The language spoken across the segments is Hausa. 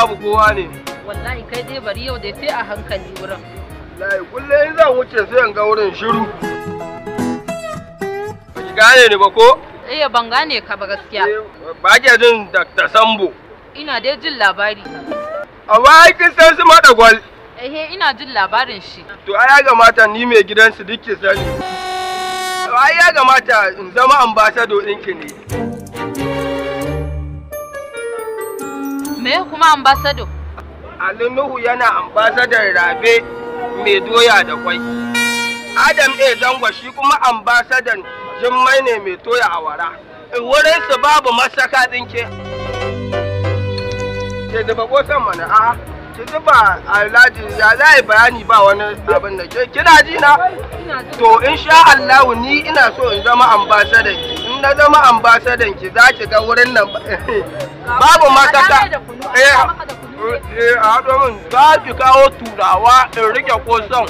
babu kowa ne wallahi kai dai bari yau dai sai a hankali wurin wallahi in zan wuce sai in ga wurin shiru ba ki gane ni ba ko eh ban gane ka ba gaskiya eh, ba ke jin Dr. Sambo ina dai jin labari a wai kin san su mada gwal eh ina jin labarin shi to ai ga mata ni mai gidansu duk ki sani ai ya gamata in zama ambassador ɗinki ne me kuma ambassador Ali Nuhu yana ambassador rabe mai doya da kwai Adam A Dangwa shi kuma ambasadan jummai ne mai toya awara wurin su babu masaka dinke ke da bako san mana a ki zuba alhaji ya za yi bayani ba wani abin da ke kina ji na to insha Allah ni ina so in zama ambassador ki na zama ambasadan ki za ki ga wurin nan babu masaka eh, eh, eh a haɗo za ki kawo turawa in rike son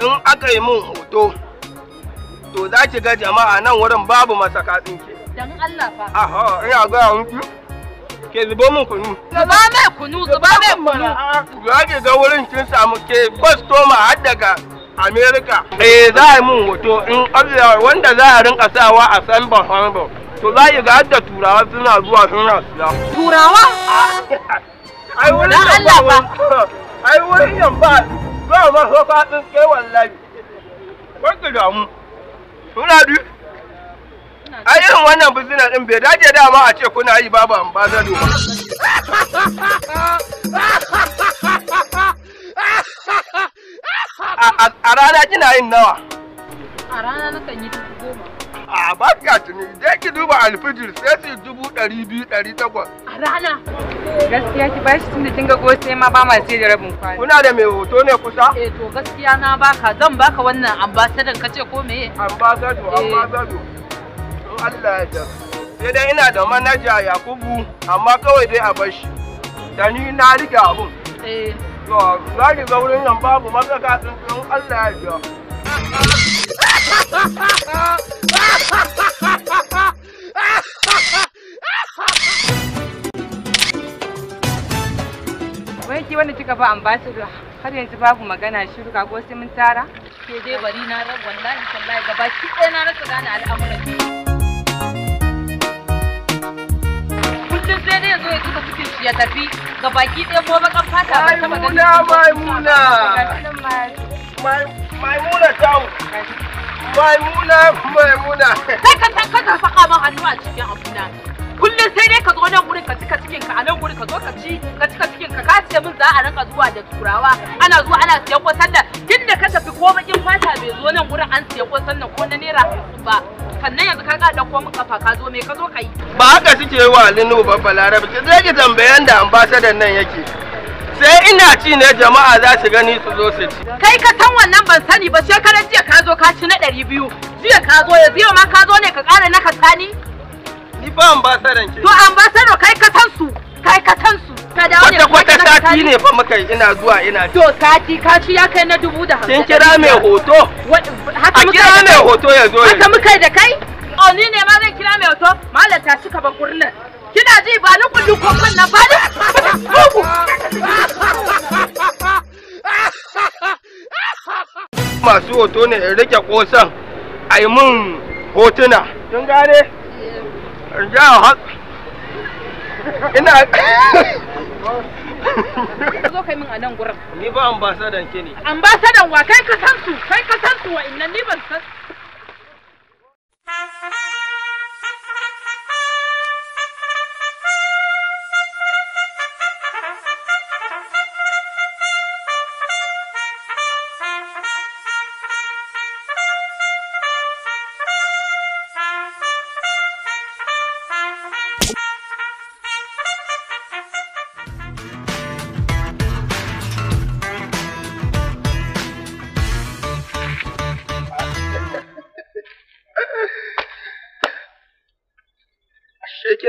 in aka yi min hoto to za ki ga jama'a nan wurin babu masaka tsinke dan Allah fa aha ina ga muku ke zubo min kunu. Zuba mai kunu, zuba mai kunu. Ya ga wurin kin samu ke kwastoma har daga america eh za a yi mun hoto in allah wanda za a rinka sawa a samba samba to za yi ga da turawa suna zuwa suna siya turawa ai wani allah ba ai wani yan ba a ma so ka din kai wallahi wanda da mu suna du ai yin wannan bizina din bai dace dama a ce kuna yi babu ambazar ba A rana kina yin nawa? A rana na kan yi dubu goma. A ba ka tuni, je ki duba alfijir sai su dubu ɗari biyu ɗari takwas. A rana? Gaskiya ki bashi tunda kin ga gose ma ba ma sai da rabin kwana. Kuna da mai hoto ne kusa? Eh to gaskiya na baka zan baka wannan ambasadan kace ko meye? Ambasado, eh. ambasado. To Allah ya da. Sai dai ina da manaja Yakubu amma kawai dai a bashi. Da ni na rike abun. Eh. Na za ki ga wurin nan babu matsaka tsuntsun Allah ya biya wai ki wanda kika ba ambassador har yanzu babu magana shiru ka ko sai mun tara ke dai bari na ran wallahi sallahi gaba ki na rasa gane al'amuran kullum sai dai yazo ya zuba cikin shi ya tafi ga baki ɗaya ko bakan fata ba ta magana maimuna maimuna maimuna tawo maimuna maimuna sai ka san kana faɗa min hannu a cikin abuna kullum sai dai ka zo nan gurin ka cika cikin ka a nan gurin ka zo ka ci ka cika cikin ka ka ce min za a rinka zuwa da turawa ana zuwa ana siyan kwasan nan tunda ka tafi ko bakin fata bai zo nan gurin an siya kwasan nan ko na naira ba sannan yanzu ka ga dauko min kafa ka zo me ka zo kai ba haka suke yi wa Alinu ba Balarabe ki zai ki tambayan da ambasadan nan yake sai ina ci ne jama'a za su gani su zo su ci kai ka san wannan ban sani ba shekarar jiya ka zo ka ci na ɗari biyu jiya ka zo yanzu yau ma ka zo ne ka ƙara naka ka tsani ni ba ambasadan ki to ambasado kai ka san su kai ka san su ka dawo ne kwata sati ne fa muka ina zuwa ina to sati kaci ya kai na dubu da hamsin kin kira mai hoto haka muka kira mai hoto ya zo haka muka da kai o oh, ni ne ma zan kira mai hoto malam ta cika ka ban kurnin kina ji ba ni kullu kokon na ba ni mugu masu hoto ne in rike kosan a yi min hotuna kin gane eh. ja haka ina zo kai min a nan gurin ni ba ambasadan ke ne ambasadan wa kai ka san su kai ka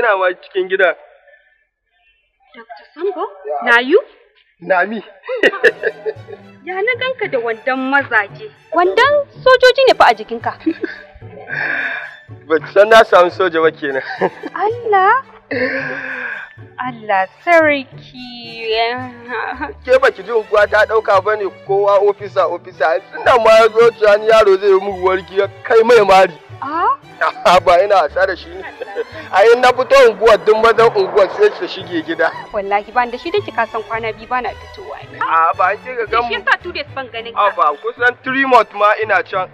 tunawa cikin gida. Dr. Sambo, na yu. Na mi. Ya na ganka da wandon mazaje. Wandon sojoji ne fa a jikinka. Ba san na samu soja ba kenan. Allah. Allah sarki. Ke ba ki ji unguwa ta dauka ba ne kowa ofisa ofisa. Tunda ma ya zo yaro zai yi muguwar kai mai mari. A ah? ba ina wasa da shi ne. yi na fito unguwar duk mazan unguwar sai su shige gida. Wallahi ban da shi da kika san kwana biyu na fitowa ne. A ah, ba shi ga gamu. Shi yasa two days ban ganin ka. A ah, ba kusan three months ma ina can.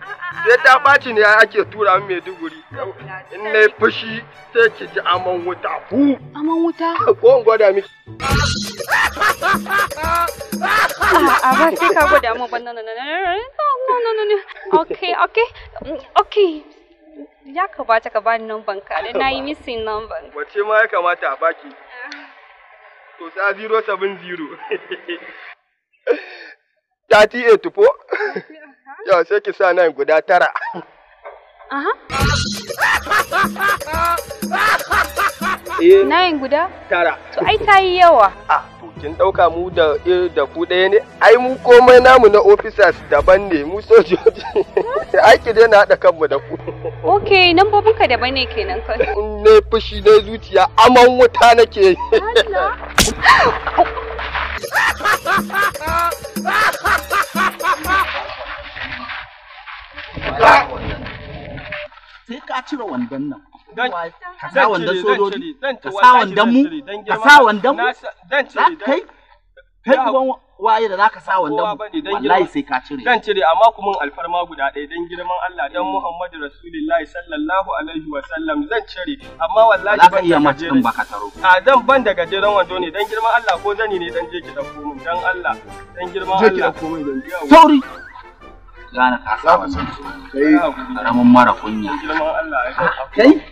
Sai ta ɓaci ne ake tura min Maiduguri. In na fushi sai ki ji aman wuta. Fu. Aman wuta? Ko in gwada miki. A ba sai ka gwada mu ban nan nan nan nan nan nan nan nan nan nan nan ya kamata ka bani numban ka da na yi missing numban. Wace ma ya kamata a baki? To sa 070. Tati e tufo? Yau sai ki sa nan guda tara. Aha. eh nayin guda tara to ai ta yi yawa a ah, to kin dauka mu da eh, da ku ɗaya ne ai mu komai namu na officers daban ne mu sojoji ai ki dai na haɗa kanmu da ku Ok, nan ka daban ne kenan kai in ne fushi na zuciya aman wuta nake yi. sai ka cire wandon nan ka sa sojoji ka sa mu ka sa mu kai kai uban waye da zaka sa wandan mu wallahi sai ka cire dan cire amma kuma alfarma guda ɗaya dan girman Allah dan Muhammadu Rasulullahi sallallahu alaihi wa sallam zan cire amma wallahi ban iya mace din baka taro a dan ban da gajeren wando ne dan girman Allah ko zani ne dan je ki dauko mun dan Allah dan girman Allah je gana ka sa wannan kai mara kunya kai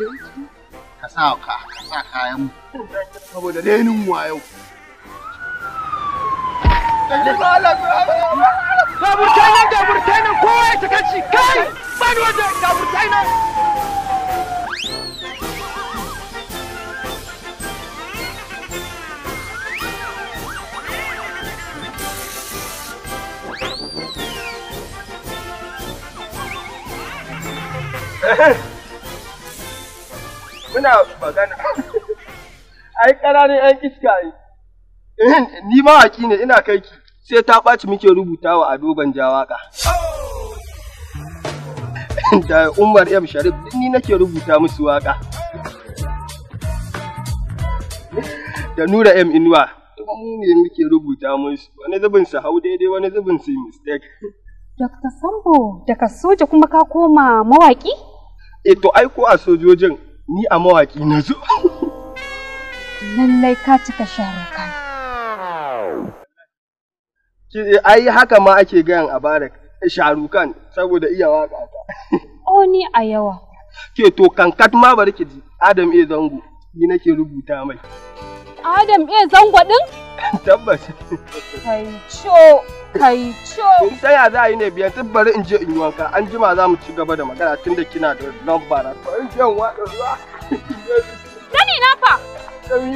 ka sa ka sa kayan saboda renin wayo ga burtainan ga burtainan kowa ya kai waje Hey! Eh, eh. muna magana ai ƙananan yan iska ne eh, ni mawaƙi ne ina kai ki sai ta ɓaci muke rubutawa a dogon jawaka da Umar M Sharif din ni nake rubuta musu waka da Nura M Inuwa mu ne muke rubuta musu wani zubin su hau daidai wani zubin su mistake Dr. Sambo daga soja kuma ka koma mawaki? E eh, to ai ko a sojojin ni a mawaƙi na zo. Lallai ka cika shahararka kan. Ai haka ma ake gayan a bara sharukan saboda iya waƙa ta. O ni a yawa. Ke to kankat ma bari ki ji Adam E Zango ni nake rubuta mai. Adam E Zango din? Tabbas. Kai co. Kai co. Tsaya za a yi ne biyan tun bari in je in yi wanka an jima za mu ci gaba da magana tun da kina da lamba na. Bari je in watsa ruwa. Zani na fa. Zan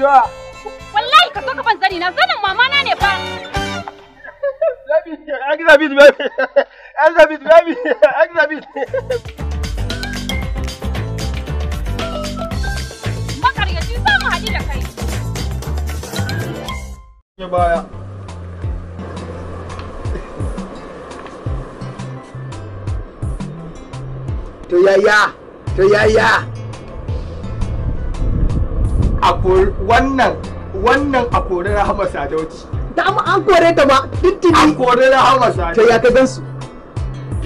Wallahi ka so ka ban zani na zanin mama na ne fa. Exhibit baby. Exhibit baby. Exhibit. Makaryaci za mu haɗu da kai. Ya baya. to yaya to yaya wannan wannan a kori rahama sadauci da amma an kore ta ba? tuntuni an kori rahama sadauci to ya ka gansu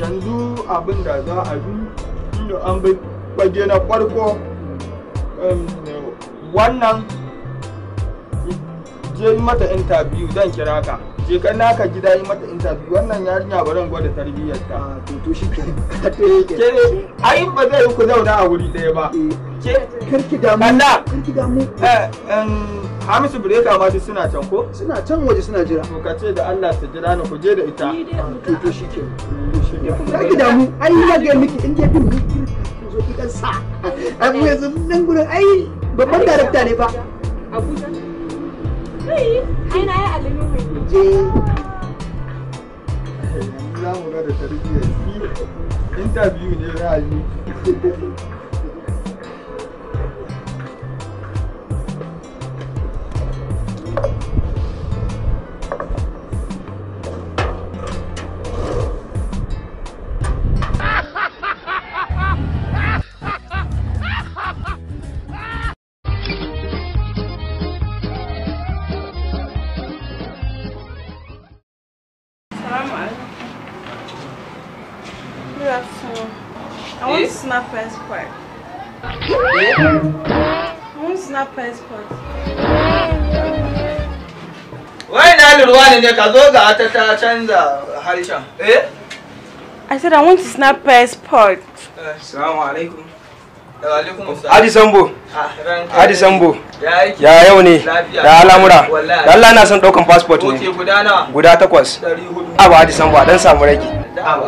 yanzu abin da za a bi inda an bi bage na farko wannan je mata interview zan kira ka je na ka gida yi mata interview wannan yarinya baran gwada tarbiyyar ta ah, to shi ke ke ai ba zai yi ku zauna a wuri ɗaya ba eh, ke karki damu Allah karki damu eh Hamisu Breka ma duk suna can ko? Suna can waje suna jira. To ka ce da Allah ta jira ni ku je da ita. To to shi ke. Eh, karki damu ai ya ga miki in je bin zo ki dan sa. Eh. Ai mu yanzu nan gurin ai babban darakta ne fa. Abuja. Ai, na yi Za mu ga da tarbiyyar. Interview ne soon. I want eh? snap passport. Eh? I want snap passport. Wai na lura ne ka zo ga ta ta canza harshen. Eh? I said I want to snap passport. Assalamu eh, alaikum. Adi Sambo. Adi Sambo. Ya yau ne. Da alamura. Da Allah na son daukan passport ne. Guda takwas. ba Adi Sambo a dan samu rage. Ah,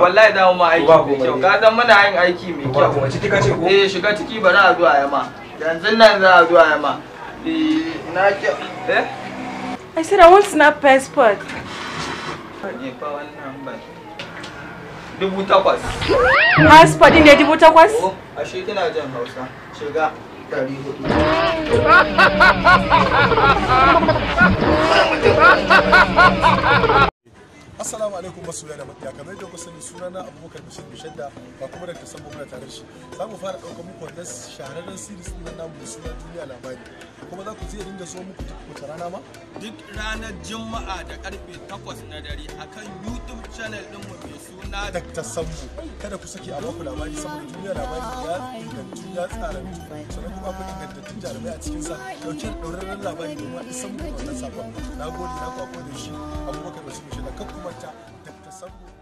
wallahi da mu aiki mai kyau ka san muna yin aiki mai kyau eh shiga a zuwa yamma yanzu nan za zuwa yamma eh, na eh I said I want snap passport. Dubu takwas. Passport ne dubu takwas? Oh, ashe kina jan Hausa. Shiga. ɗari hudu. assalamu alaikum masoya da makiya kamar yadda ku sani na abubakar bashir bishadda ba kuma da tasambo muna tare shi za mu fara ɗaukar muku wannan shahararren series ɗin nan namu suna duniya labari kuma za ku je dinga zo muku duk wata rana ma duk ranar juma'a da karfe 8 na dare akan youtube channel ɗin mu mai suna da tasambo kada ku saki a baku labari saboda duniya labari ya ingantu ya tsara sannan kuma akwai ingantattun jarumai a cikin sa dauke da ɗaurarren labari domin a isan muku wannan sabon na gode na kwakwa da shi abubakar bashir bishadda kan kuma uwarta dr sambo